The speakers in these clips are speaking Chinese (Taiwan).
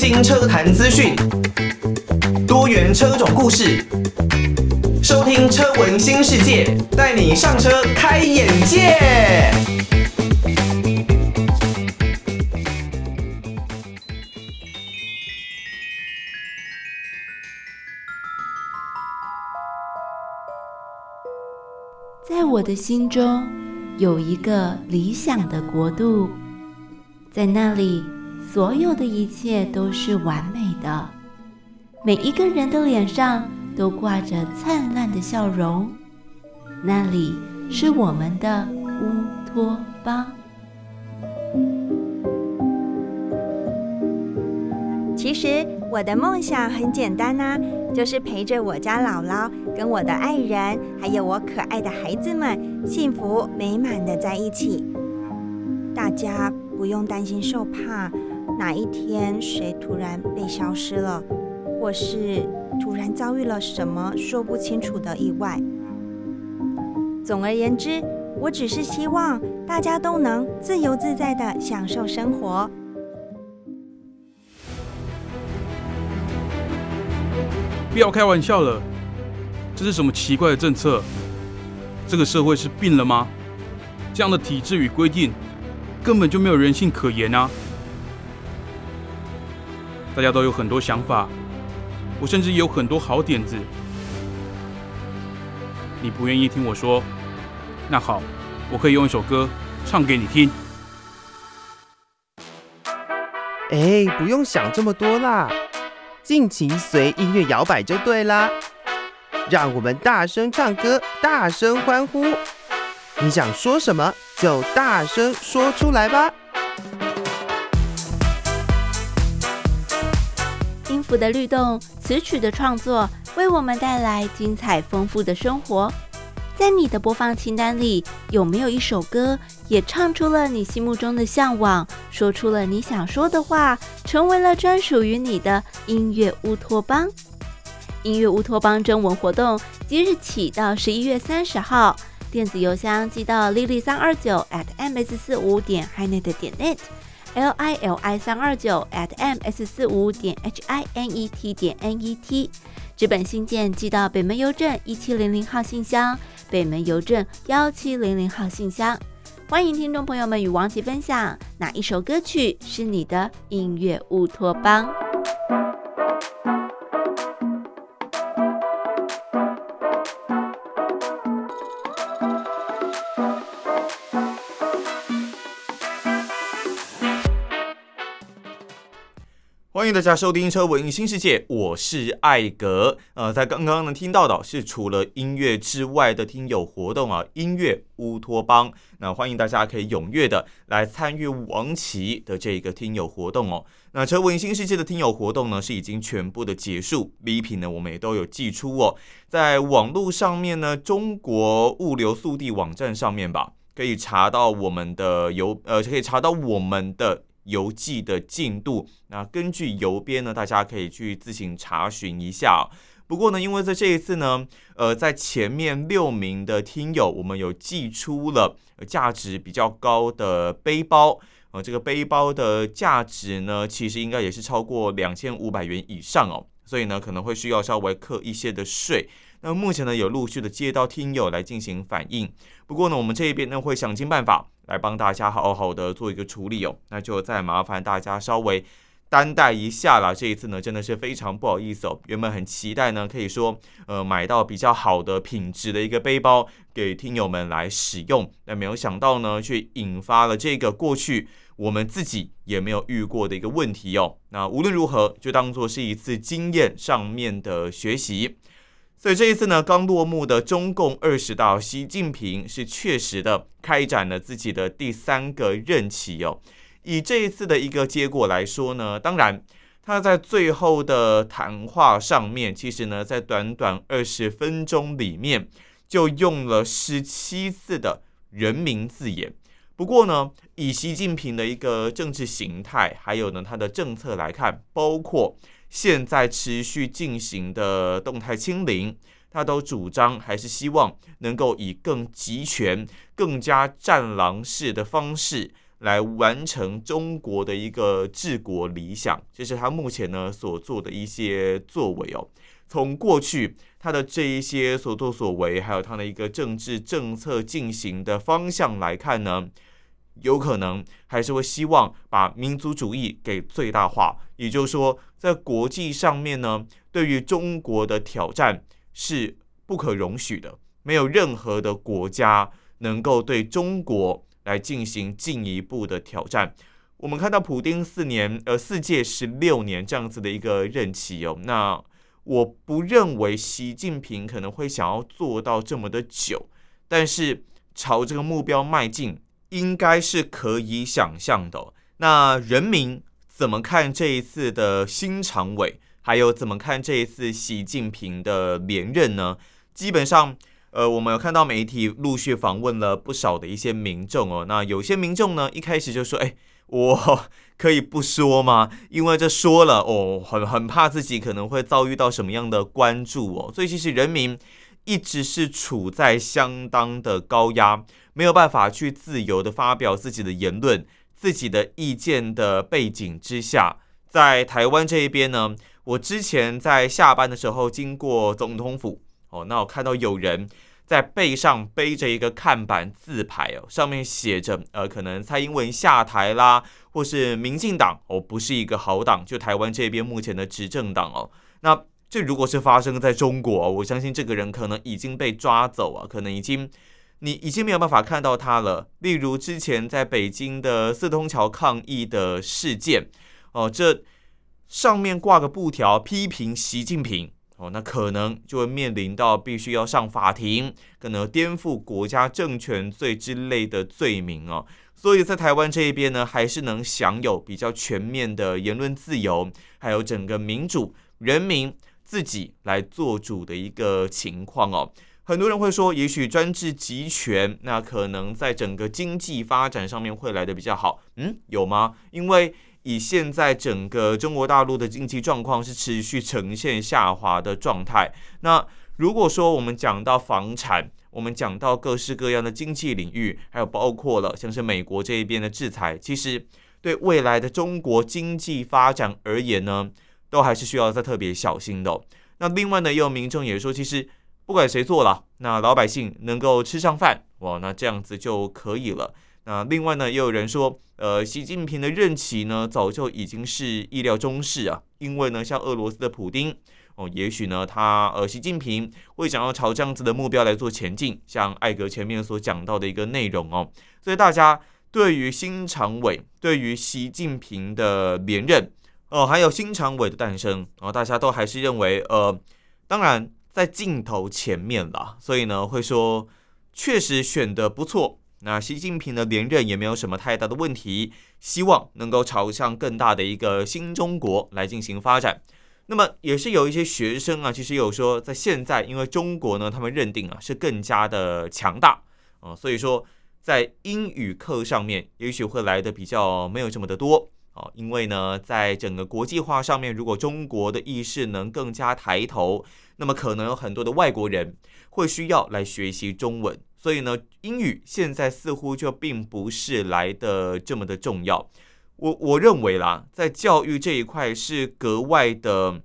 新車談資訊，多元車種故事，收聽車聞新世界，帶你上車開眼界。在我的心中，有一個理想的國度，在那裡。所有的一切都是完美的，每一個人的臉上都掛着燦爛的笑容。那裡是我們的烏托邦。其實我的夢想很簡單吶、啊，就是陪着我家姥姥、跟我的愛人，還有我可愛的孩子們，幸福美滿的在一起。大家不用擔心受怕。哪一天誰突然被消失了，或是突然遭遇了什麼說不清楚的意外？總而言之，我只是希望大家都能自由自在地享受生活。不要開玩笑了，這是什麼奇怪的政策？這個社會是病了嗎？這樣的體制與規定，根本就沒有人性可言啊！大家都有很多想法，我甚至也有很多好點子。你不願意聽我說，那好，我可以用一首歌唱給你聽。哎，不用想這麼多啦，盡情隨音樂搖擺就對啦。讓我們大聲唱歌，大聲歡呼。你想說什麼就大聲說出來吧。的律動，詞曲的創作，為我們帶來精彩豐富的生活。在你的播放清單裡，有沒有一首歌也唱出了你心目中的向往，說出了你想說的話，成為了專屬於你的音樂烏托邦？音樂烏托邦徵文活動即日起到十一月三十號，電子郵箱寄到 lily 三二九 at ms 四五點 hinet 點 net, net。l、IL、i l i 三二九 at m s 四五點 h i n e t 點 n e t 紙本信件寄到北門郵政一七零零號信箱，北門郵政幺七零零號信箱。歡迎聽眾朋友們與王琪分享，哪一首歌曲是你的音樂烏托邦？歡迎大家收聽《車聞新世界》，我是艾格。呃，在剛剛呢，聽到的是除了音樂之外的聽友活動啊，音樂烏托邦。那歡迎大家可以踴躍的來參與王琦的這個聽友活動哦。那《車聞新世界》的聽友活動呢，是已經全部的結束，禮品呢我們也都有寄出哦。在網絡上面呢，中國物流速遞網站上面吧，可以查到我們的郵，呃，可以查到我們的。郵寄的進度，那根據郵編呢，大家可以去自行查詢一下哦。不過呢，因為在這一次呢，呃，在前面六名的聽友，我們有寄出了價值比較高的背包，呃，這個背包的價值呢，其實應該也是超過兩千五百元以上哦，所以呢，可能會需要稍微課一些的稅。那目前呢，有陸續的接到聽友來進行反映，不過呢，我們這一邊呢會想盡辦法來幫大家好好的做一個處理哦。那就再麻煩大家稍微擔待一下啦。這一次呢，真的是非常不好意思哦。原本很期待呢，可以說呃買到比較好的品質的一個背包給聽友們來使用，那沒有想到呢，卻引發了這個過去我們自己也沒有遇過的一個問題哦。那無論如何，就當做是一次經驗上面的學習。所以這一次呢，剛落幕的中共二十大，習近平是確實的開展了自己的第三個任期喲、哦。以這一次的一個結果來說呢，當然他在最後的談話上面，其實呢，在短短二十分鐘裡面，就用了十七次的“人民”字眼。不過呢，以習近平的一個政治形態，還有呢他的政策來看，包括現在持續進行的動態清零，他都主張還是希望能夠以更集權、更加戰狼式的方式來完成中國的一個治國理想。這是他目前呢所做的一些作為哦。從過去他的這一些所作所為，還有他的一個政治政策進行的方向來看呢。有可能還是會希望把民族主義給最大化，也就是說，在國際上面呢，對於中國的挑戰是不可容許的，沒有任何的國家能夠對中國來進行進一步的挑戰。我們看到普丁四年，呃，四屆十六年這樣子的一個任期哦，那我不認為習近平可能會想要做到這麼的久，但是朝這個目標邁進。應該是可以想象的哦。那人民怎麼看這一次的新常委，還有怎麼看這一次習近平的連任呢？基本上，呃，我們有看到媒體陸續訪問了不少的一些民眾哦。那有些民眾呢，一開始就說：“哎，我可以不說嗎？因為這說了哦，很很怕自己可能會遭遇到什麼樣的關注哦。”所以其實人民，一直是處在相當的高壓，沒有辦法去自由的發表自己的言論、自己的意見的背景之下，在台灣這一邊呢，我之前在下班的時候經過總統府，哦，那我看到有人在背上背着一個看板自拍哦，上面寫着呃，可能蔡英文下台啦，或是民進黨哦，不是一個好黨，就台灣這邊目前的執政黨哦，那。這如果是發生在中國，我相信這個人可能已經被抓走啊，可能已經你已經沒有辦法看到他了。例如之前在北京的四通橋抗議的事件，哦，這上面掛個布條批評習近平，哦，那可能就會面臨到必須要上法庭，可能顛覆國家政權罪之類的罪名哦。所以在台灣這一邊呢，還是能享有比較全面的言論自由，還有整個民主人民，自己來做主的一個情況哦，很多人會說，也許專制集權，那可能在整個經濟發展上面會來得比較好，嗯，有嗎？因為以現在整個中國大陸的經濟狀況是持續呈現下滑的狀態。那如果說我們講到房產，我們講到各式各樣的經濟領域，還有包括了像是美國這一邊的制裁，其實對未來的中國經濟發展而言呢，都還是需要再特別小心的哦。那另外呢，也有民眾也說，其實不管誰做了，那老百姓能夠吃上飯，哇，那這樣子就可以了。那另外呢，也有人說，呃，習近平的任期呢，早就已經是意料中事啊。因為呢，像俄羅斯的普丁，哦，也許呢，他呃，習近平會想要朝這樣子的目標來做前進。像艾格前面所講到的一個內容哦，所以大家對於新常委，對於習近平的連任，哦，還有新常委的誕生啊、哦，大家都還是認為，呃，當然在鏡頭前面啦，所以呢會說確實選的不錯。那習近平的連任也沒有什麼太大的問題，希望能夠朝向更大的一個新中國來進行發展。那麼也是有一些學生啊，其實有說在現在，因為中國呢，他們認定啊是更加的強大啊、呃，所以說在英語課上面也許會來的比較沒有這麼的多。哦，因為呢，在整個國際化上面，如果中國的意識能更加抬頭，那麼可能有很多的外國人會需要來學習中文。所以呢，英語現在似乎就並不是來得這麼的重要。我我認為啦，在教育這一塊是格外的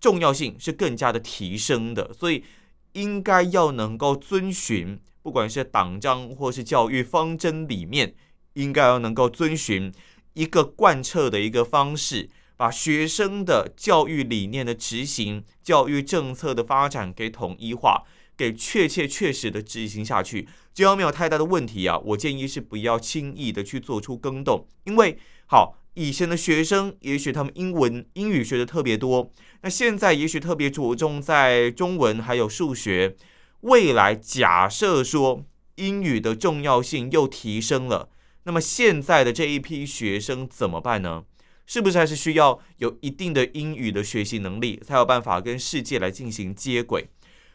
重要性，是更加的提升的，所以應該要能夠遵循，不管是黨章或是教育方針裡面，應該要能夠遵循，一個貫徹的一個方式，把學生的教育理念的執行、教育政策的發展給統一化，給確切確實的執行下去，這樣沒有太大的問題啊。我建議是不要輕易的去做出更動，因為好以前的學生也許他們英文英語學的特別多，那現在也許特別着重在中文還有數學。未來假設說英語的重要性又提升了。那麼現在的這一批學生怎麼辦呢？是不是還是需要有一定的英語的學習能力，才有辦法跟世界來進行接軌？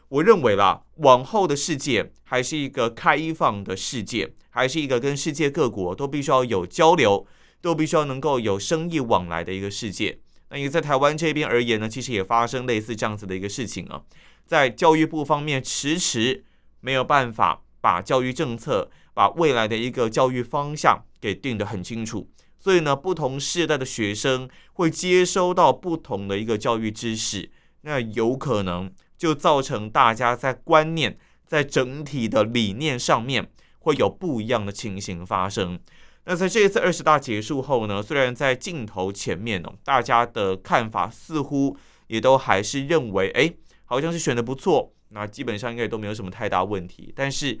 我認為啦，往後的世界還是一個開放的世界，還是一個跟世界各國都必須要有交流，都必須要能夠有生意往來的一個世界。那因為在台灣這邊而言呢，其實也發生類似這樣子的一個事情啊，在教育部方面遲遲沒有辦法把教育政策。把未來的一個教育方向給定得很清楚，所以呢，不同世代的學生會接收到不同的一個教育知識，那有可能就造成大家在觀念、在整體的理念上面會有不一樣的情形發生。那在這一次二十大結束後呢，雖然在鏡頭前面呢，哦，大家的看法似乎也都還是認為，哎，好像是選的不錯，那基本上應該都沒有什麼太大問題，但是。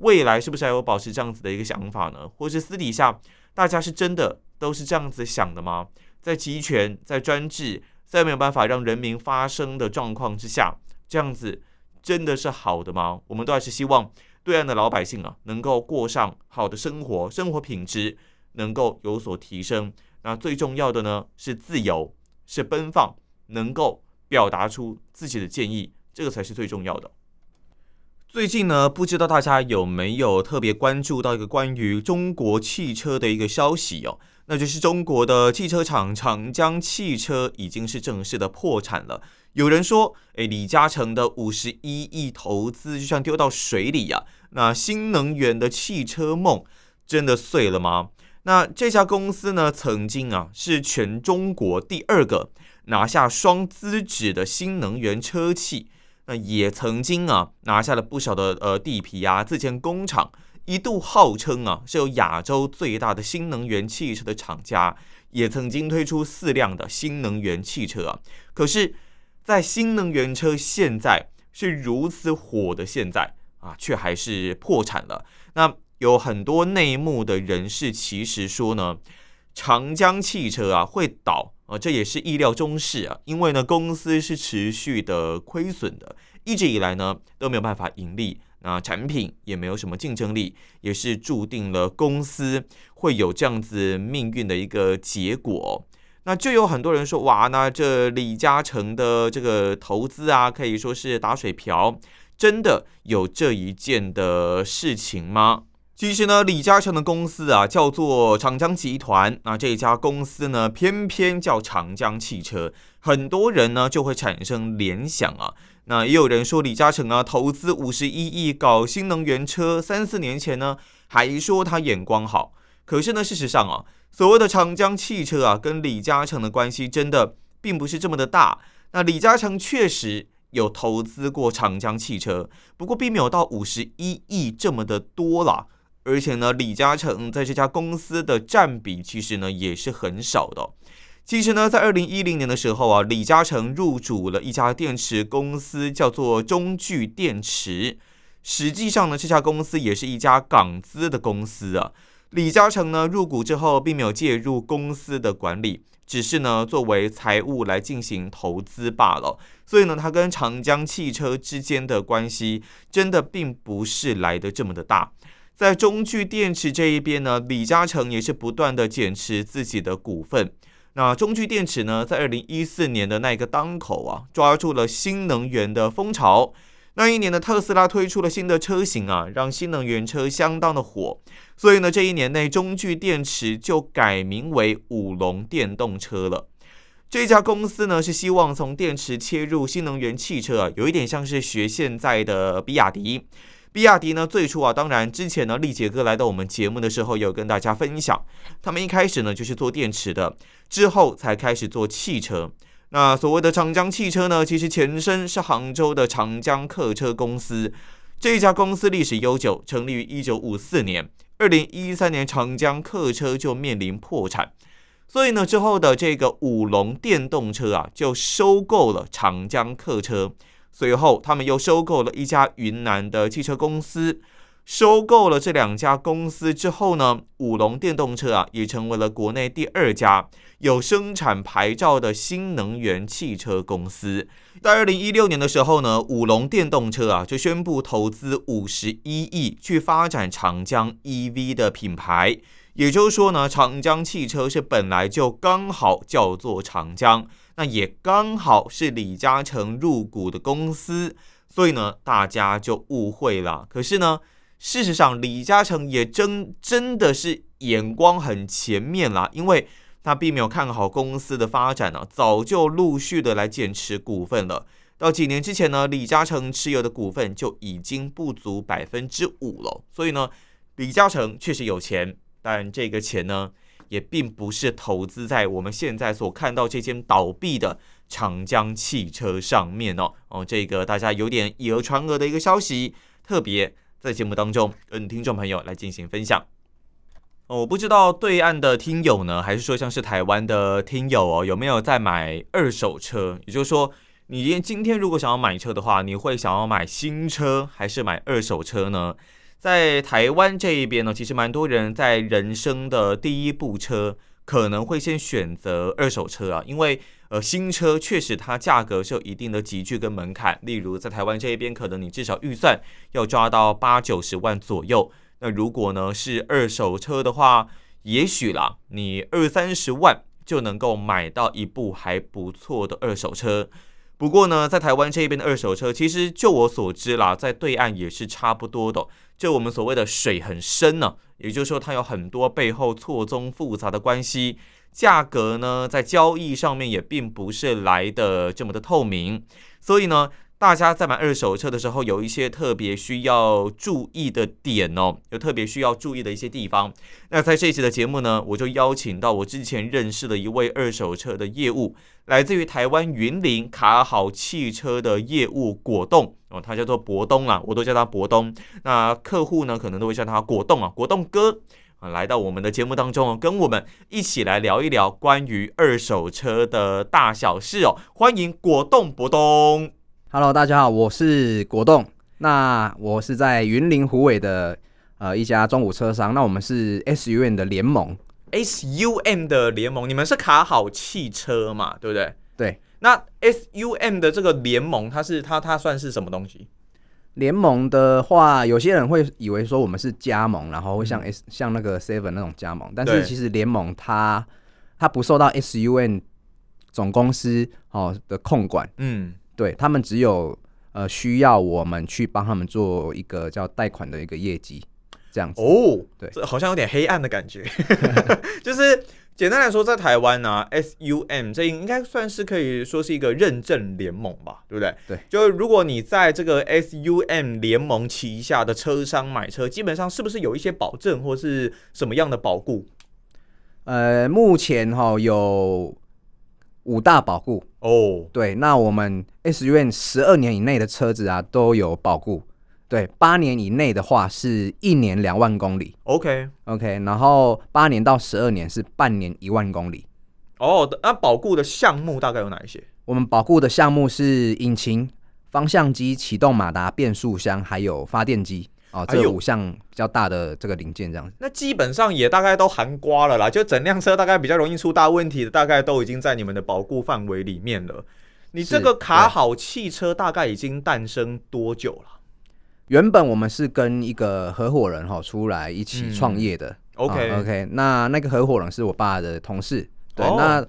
未來是不是還有保持這樣子的一個想法呢？或是私底下大家是真的都是這樣子想的嗎？在集權、在專制、在沒有辦法讓人民發聲的狀況之下，這樣子真的是好的嗎？我們都還是希望對岸的老百姓啊，能夠過上好的生活，生活品質能夠有所提升。那最重要的呢，是自由，是奔放，能夠表達出自己的建議，這個才是最重要的。最近呢，不知道大家有沒有特別關注到一個關於中國汽車的一個消息哦。那就是中國的汽車廠長江汽車已經是正式的破產了。有人說，誒、欸，李嘉誠的五十一億投資就像丟到水裡呀、啊。那新能源的汽車夢真的碎了嗎？那這家公司呢，曾經啊是全中國第二個拿下雙資質的新能源車企。也曾經啊拿下了不少的呃地皮呀、啊，自建工廠，一度號稱啊是由亞洲最大的新能源汽車的廠家，也曾經推出四輛的新能源汽車啊。可是，在新能源車現在是如此火的現在啊，卻還是破產了。那有很多內幕的人士其實說呢，長江汽車啊會倒。啊，這也是意料中事啊，因為呢，公司是持續的虧損的，一直以來呢都沒有辦法盈利，啊，產品也沒有什麼競爭力，也是注定了公司會有這樣子命運的一個結果。那就有很多人說，哇，那這李嘉誠的這個投資啊，可以說是打水漂，真的有這一件的事情嗎？其實呢，李嘉誠的公司啊叫做長江集團。那這家公司呢，偏偏叫長江汽車，很多人呢就會產生聯想啊。那也有人說李嘉誠啊投資五十一億搞新能源車，三四年前呢還說他眼光好。可是呢，事實上啊，所謂的長江汽車啊跟李嘉誠的關係真的並不是這麼的大。那李嘉誠確實有投資過長江汽車，不過並沒有到五十一億這麼的多啦。而且呢，李嘉誠在這家公司的占比其實呢也是很少的。其實呢，在二零一零年的時候啊，李嘉誠入主了一家電池公司，叫做中聚電池。實際上呢，這家公司也是一家港資的公司啊。李嘉誠呢入股之後，並沒有介入公司的管理，只是呢作為財務來進行投資罷了。所以呢，他跟長江汽車之間的關係真的並不是來得這麼的大。在中聚電池這一邊呢，李嘉誠也是不斷地減持自己的股份。那中聚電池呢，在二零一四年的那個當口啊，抓住了新能源的風潮。那一年的特斯拉推出了新的車型啊，讓新能源車相當的火。所以呢，這一年內，中聚電池就改名為五龍電動車了。這家公司呢，是希望從電池切入新能源汽車，啊，有一點像是學現在的比亞迪。比亞迪呢，最初啊，當然之前呢，力杰哥來到我們節目的時候，有跟大家分享，他們一開始呢就是做電池的，之後才開始做汽車。那所謂的長江汽車呢，其實前身是杭州的長江客車公司，這家公司歷史悠久，成立於一九五四年。二零一三年，長江客車就面臨破產，所以呢，之後的這個五龍電動車啊，就收購了長江客車。隨後，他們又收購了一家雲南的汽車公司。收購了這兩家公司之後呢，五龍電動車啊也成為了國內第二家有生產牌照的新能源汽車公司。在二零一六年的時候呢，五龍電動車啊就宣布投資五十一億去發展長江 EV 的品牌。也就是說呢，長江汽車是本來就剛好叫做長江，那也剛好是李嘉誠入股的公司，所以呢，大家就誤會了。可是呢，事實上李嘉誠也真真的是眼光很前面了，因為他並沒有看好公司的發展呢、啊，早就陸續的來減持股份了。到幾年之前呢，李嘉誠持有的股份就已經不足百分之五了，所以呢，李嘉誠確實有錢。但這個錢呢，也並不是投資在我們現在所看到這間倒閉的長江汽車上面哦。哦，這個大家有點以訛傳訛的一個消息，特別在節目當中跟聽眾朋友來進行分享。哦，我不知道對岸的聽友呢，還是說像是台灣的聽友哦，有沒有在買二手車？也就是說，你今天如果想要買車的話，你會想要買新車還是買二手車呢？在台灣這一邊呢，其實蠻多人在人生的第一部車可能會先選擇二手車啊，因為呃新車確實它價格是有一定的級距跟門檻，例如在台灣這一邊，可能你至少預算要抓到八九十萬左右。那如果呢是二手車的話，也許啦，你二三十萬就能夠買到一部還不錯的二手車。不過呢，在台灣這邊的二手車，其實就我所知啦，在對岸也是差不多的。就我們所謂的“水很深”呢，也就是說，它有很多背後錯綜複雜的關係，價格呢，在交易上面也並不是來的這麼的透明，所以呢。大家在買二手車的時候，有一些特別需要注意的點哦，有特別需要注意的一些地方。那在這一期的節目呢，我就邀請到我之前認識的一位二手車的業務，來自於台灣雲林卡好汽車的業務果凍哦，他叫做博東啊，我都叫他博東。那客戶呢，可能都會叫他果凍啊，果凍哥啊，來到我們的節目當中哦、啊，跟我們一起來聊一聊關於二手車的大小事哦。歡迎果凍博東。果 Hello，大家好，我是果凍。那我是在雲林虎尾的呃一家中古車商。那我們是 SUM 的聯盟，SUM 的聯盟，你們是卡好汽車嘛？對不對？對。那 SUM 的這個聯盟，它是它它算是什麼東西？聯盟的話，有些人會以為說我們是加盟，然後會像 S、嗯、像那個 Seven 那種加盟，但是其實聯盟它，對，它，它不受到 SUM 總公司哦的控管。嗯。對，他們只有呃需要我們去幫他們做一個叫貸款的一個業績，這樣子哦，對，這好像有點黑暗的感覺。 就是簡單來說，在台灣呢、啊、，SUM 這應該算是可以說是一個認證聯盟吧，對不對？對，就如果你在這個 SUM 聯盟旗下的車商買車，基本上是不是有一些保證或是什麼樣的保固？呃，目前哈、哦、有。五大保固哦，oh. 對，那我們 SUV 十二年以內的車子啊都有保固，對，八年以內的話是一年兩萬公里，OK OK，然後八年到十二年是半年一萬公里。哦，oh, 那保固的項目大概有哪一些？我們保固的項目是引擎、方向機、啟動馬達、變速箱，還有發電機。哦，這個、五項比較大的這個零件，這樣子、哎，那基本上也大概都含刮了啦，就整輛車大概比較容易出大問題的，大概都已經在你們的保固範圍裡面了。你這個卡好汽車大概已經誕生多久了？原本我們是跟一個合夥人哈、哦、出來一起創業的、嗯嗯、OK OK，那那個合夥人是我爸的同事，對，哦、那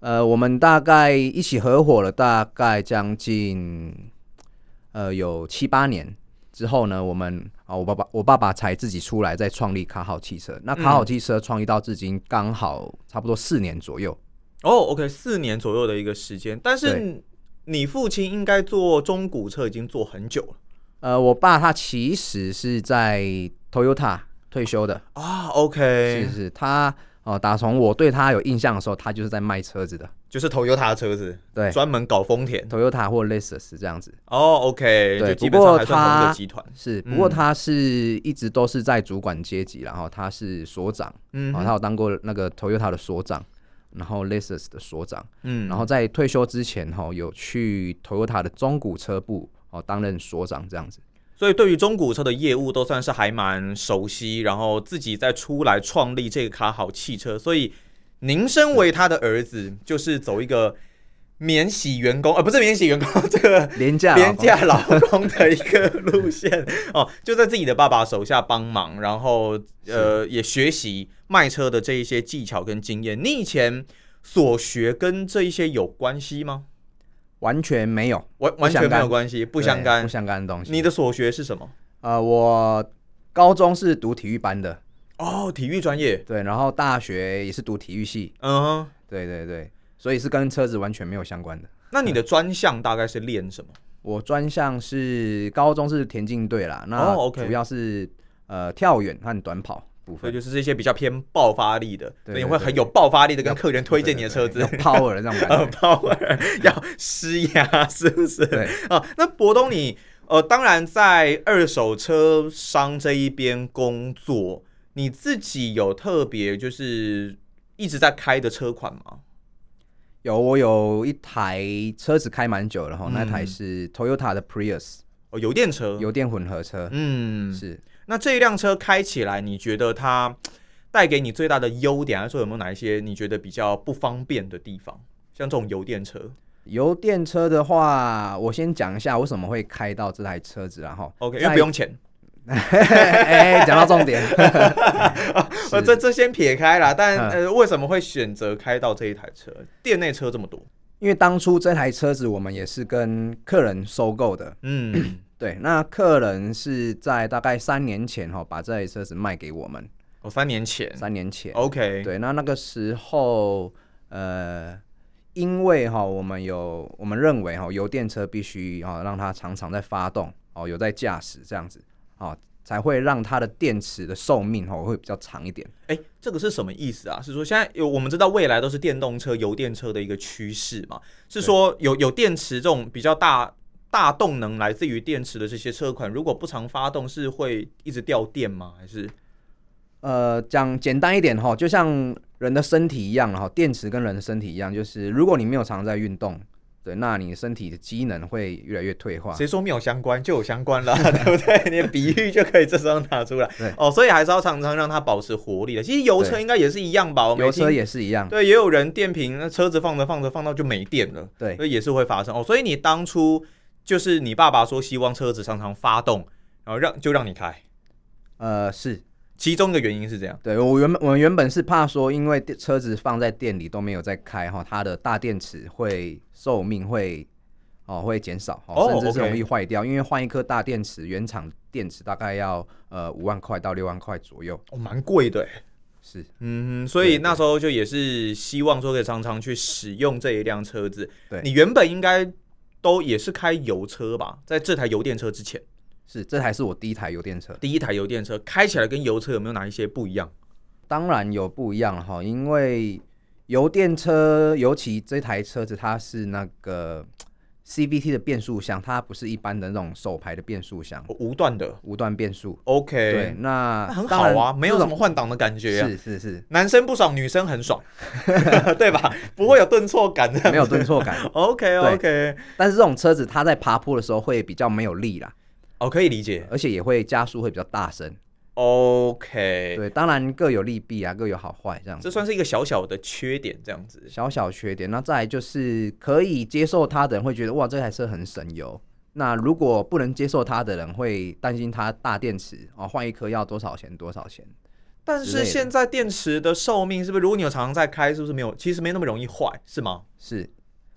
呃我們大概一起合夥了大概將近呃有七八年。之後呢，我們啊，我爸爸，我爸爸才自己出來再創立卡好汽車。那卡好汽車創立到至今剛好差不多四年左右。哦、嗯 oh，OK，四年左右的一個時間。但是你父親應該做中古車已經做很久了。呃，我爸他其實是在 Toyota 退休的啊、oh，OK，是是，他。哦，打從我對他有印象的時候，他就是在賣車子的，就是 Toyota 的車子，對，專門搞豐田，Toyota 或 Lexus 這樣子。哦、oh,，OK，對，不過他集團是，不過他是一直都是在主管階級，然、哦、後他是所長，然後、嗯哼哦、他有當過那個 Toyota 的所長，然後 Lexus 的所長，嗯，然後在退休之前哈、哦，有去 Toyota 的中古車部哦，擔任所長這樣子。所以，對於中古車的業務都算是還蠻熟悉，然後自己再出來創立這個卡好汽車。所以，您身為他的兒子，嗯、就是走一個免洗員工，呃，不是免洗員工，這個廉價廉價勞工的一個路線 哦，就在自己的爸爸手下幫忙，然後呃，是也學習賣車的這一些技巧跟經驗。你以前所學跟這一些有關係嗎？完全沒有，完完全沒有關係，不相干不相干的東西。你的所學是什麼？啊、呃，我高中是讀體育班的，哦，體育專業，對，然後大學也是讀體育系，嗯哼，對對對，所以是跟車子完全沒有相關的。那你的專項大概是練什麼？嗯、我專項是高中是田徑隊啦，那主要是、哦 okay、呃跳遠和短跑。所以就是這些比較偏爆發力的，對對對，所以你會很有爆發力的跟客人推薦你的車子對對對，power 那種感覺、 嗯、，power 要施壓是不是？對啊，那博東你呃，當然在二手車商這一邊工作，你自己有特別就是一直在開的車款嗎？有，我有一台車子開蠻久了，哈、嗯，那台是 Toyota 的 Prius，哦，油電車，油電混合車，嗯，是。那這一輛車開起來，你覺得它帶給你最大的優點還是說，有沒有哪一些你覺得比較不方便的地方？像這種油電車，油電車的話，我先講一下為什麼會開到這台車子，然後 OK，台因為不用錢。講、 欸、到重點，我這這先撇開了，但呃，為什麼會選擇開到這一台車？店內車這麼多，因為當初這台車子我們也是跟客人收購的，嗯。對，那客人是在大概三年前哈、哦、把這台車子賣給我們。哦，三年前，三年前。OK。對，那那個時候，呃，因為哈、哦，我們有，我們認為哈、哦，油電車必須啊、哦、讓它常常在發動哦，有在駕駛這樣子啊、哦，才會讓它的電池的壽命哦會比較長一點。哎，這個是什麼意思啊？是說現在有，我們知道未來都是電動車、油電車的一個趨勢嘛。是說有對有，有電池這種比較大。大動能來自於電池的這些車款，如果不常發動，是會一直掉電嗎？還是？呃，講簡單一點哈，就像人的身體一樣哈，電池跟人的身體一樣，就是如果你沒有常在運動，對，那你身體的機能會越來越退化。誰說沒有相關就有相關了， 對不對？你的比喻就可以這時候拿出來。對哦，所以還是要常常讓它保持活力的。其實油車應該也是一樣吧？對油車也是一樣。對，也有人電瓶那車子放着放着放到就沒電了，對，所以也是會發生。哦，所以你當初。就是你爸爸說希望車子常常發動，然後讓就讓你開，呃，是其中的一個原因是這樣。對，我原本我們原本是怕說，因為車子放在店裡都沒有在開哈，它的大電池會壽命會哦會減少哦，甚至是容易壞掉，哦 okay，因為換一顆大電池，原廠電池大概要呃五萬塊到六萬塊左右哦，蠻貴的耶，是嗯，所以那時候就也是希望說可以常常去使用這一輛車子。對，你原本應該。都也是開油車吧，在這台油電車之前，是這台是我第一台油電車。第一台油電車開起來跟油車有沒有哪一些不一樣？當然有不一樣哈，因為油電車，尤其這台車子，它是那個。CVT 的變速箱，它不是一般的那種手排的變速箱，無段的無段變速。OK，對，那很好啊，男沒有沒有什麼換擋的感覺啊。是是是，男生不爽，女生很爽， 對吧？不會有頓挫感的， 沒有頓挫感。 OK OK，但是這種車子它在爬坡的時候會比較沒有力啦。哦，oh, 可以理解，而且也會加速會比較大聲。OK，對，當然各有利弊啊，各有好壞這樣子。這算是一個小小的缺點，這樣子。小小缺點，那再來就是可以接受它的人會覺得哇，這台車很省油。那如果不能接受它的人會擔心它大電池啊，換一顆要多少錢？多少錢？但是現在電池的壽命是不是？如果你有常常在開，是不是沒有？其實沒那麼容易壞，是嗎？是。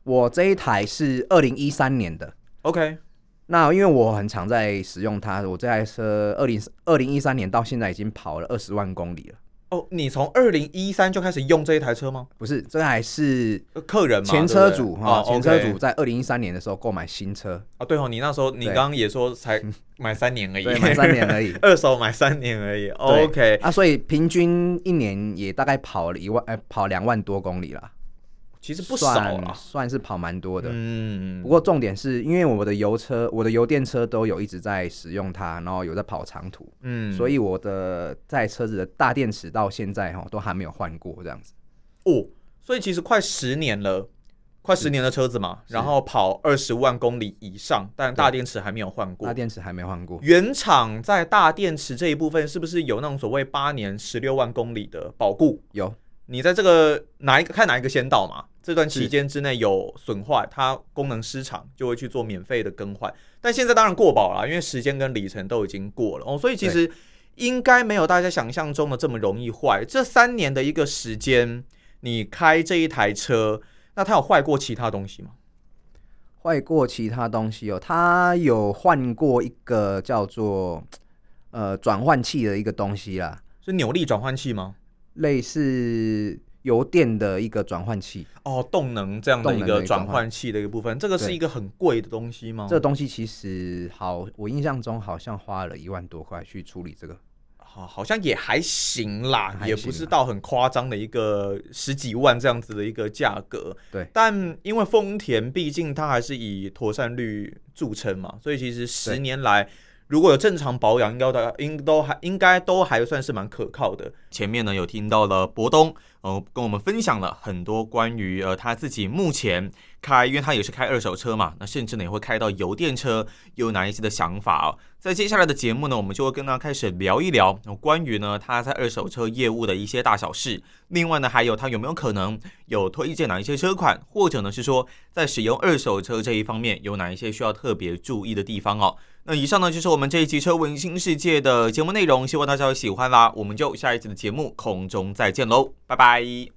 我這一台是二零一三年的。OK。那因為我很常在使用它，我這台車二零二零一三年到現在已經跑了二十萬公里了。哦，你從二零一三就開始用這台車嗎？不是，這台是客人嘛對對前車主哈，前車主在二零一三年的時候購買新車啊、哦。對哦，你那時候對你剛剛也說才買三年而已， 對買三年而已， 二手買三年而已。OK 對啊，所以平均一年也大概跑了一萬，呃、跑兩萬多公里啦。其實不少了，啊，算是跑蠻多的。嗯，不過重點是因為我的油車、我的油電車都有一直在使用它，然後有在跑長途。嗯，所以我的在車子的大電池到現在哈、哦、都還沒有換過這樣子。哦，所以其實快十年了，快十年的車子嘛，是然後跑二十萬公里以上，但大電池還沒有換過，大電池還沒換過。原廠在大電池這一部分是不是有那種所謂八年十六萬公里的保固？有。你在這個哪一個看哪一個先到嘛？這段期間之內有損壞，是它功能失常，就會去做免費的更換。但現在當然過保了啦，因為時間跟里程都已經過了哦，所以其實應該沒有大家想象中的這麼容易壞。對這三年的一個時間，你開這一台車，那它有壞過其他東西嗎？壞過其他東西哦，它有換過一個叫做呃轉換器的一個東西啦，是扭力轉換器嗎？類似。油電的一個轉換器哦，動能這樣的一個轉換器的一個部分，這個是一個很貴的東西嗎？這個東西其實好，我印象中好像花了一萬多塊去處理這個，好，好像也還行啦，行啦也不是到很誇張的一個十幾萬這樣子的一個價格。對，但因為豐田畢竟它還是以妥善率著稱嘛，所以其實十年來。如果有正常保養，應該都應都還應該都還算是蠻可靠的。前面呢有聽到了博東，呃，跟我們分享了很多關於呃他自己目前開，因為他也是開二手車嘛，那甚至呢也會開到油電車，有哪一些的想法，哦。在接下來的節目呢，我們就會跟他開始聊一聊，呃，關於呢他在二手車業務的一些大小事。另外呢，還有他有沒有可能有推薦哪一些車款，或者呢是說在使用二手車這一方面有哪一些需要特別注意的地方哦。那、嗯、以上呢就是我們這一期車聞新世界的節目內容，希望大家喜歡啦！我們就下一期的節目空中再見嘍，拜拜。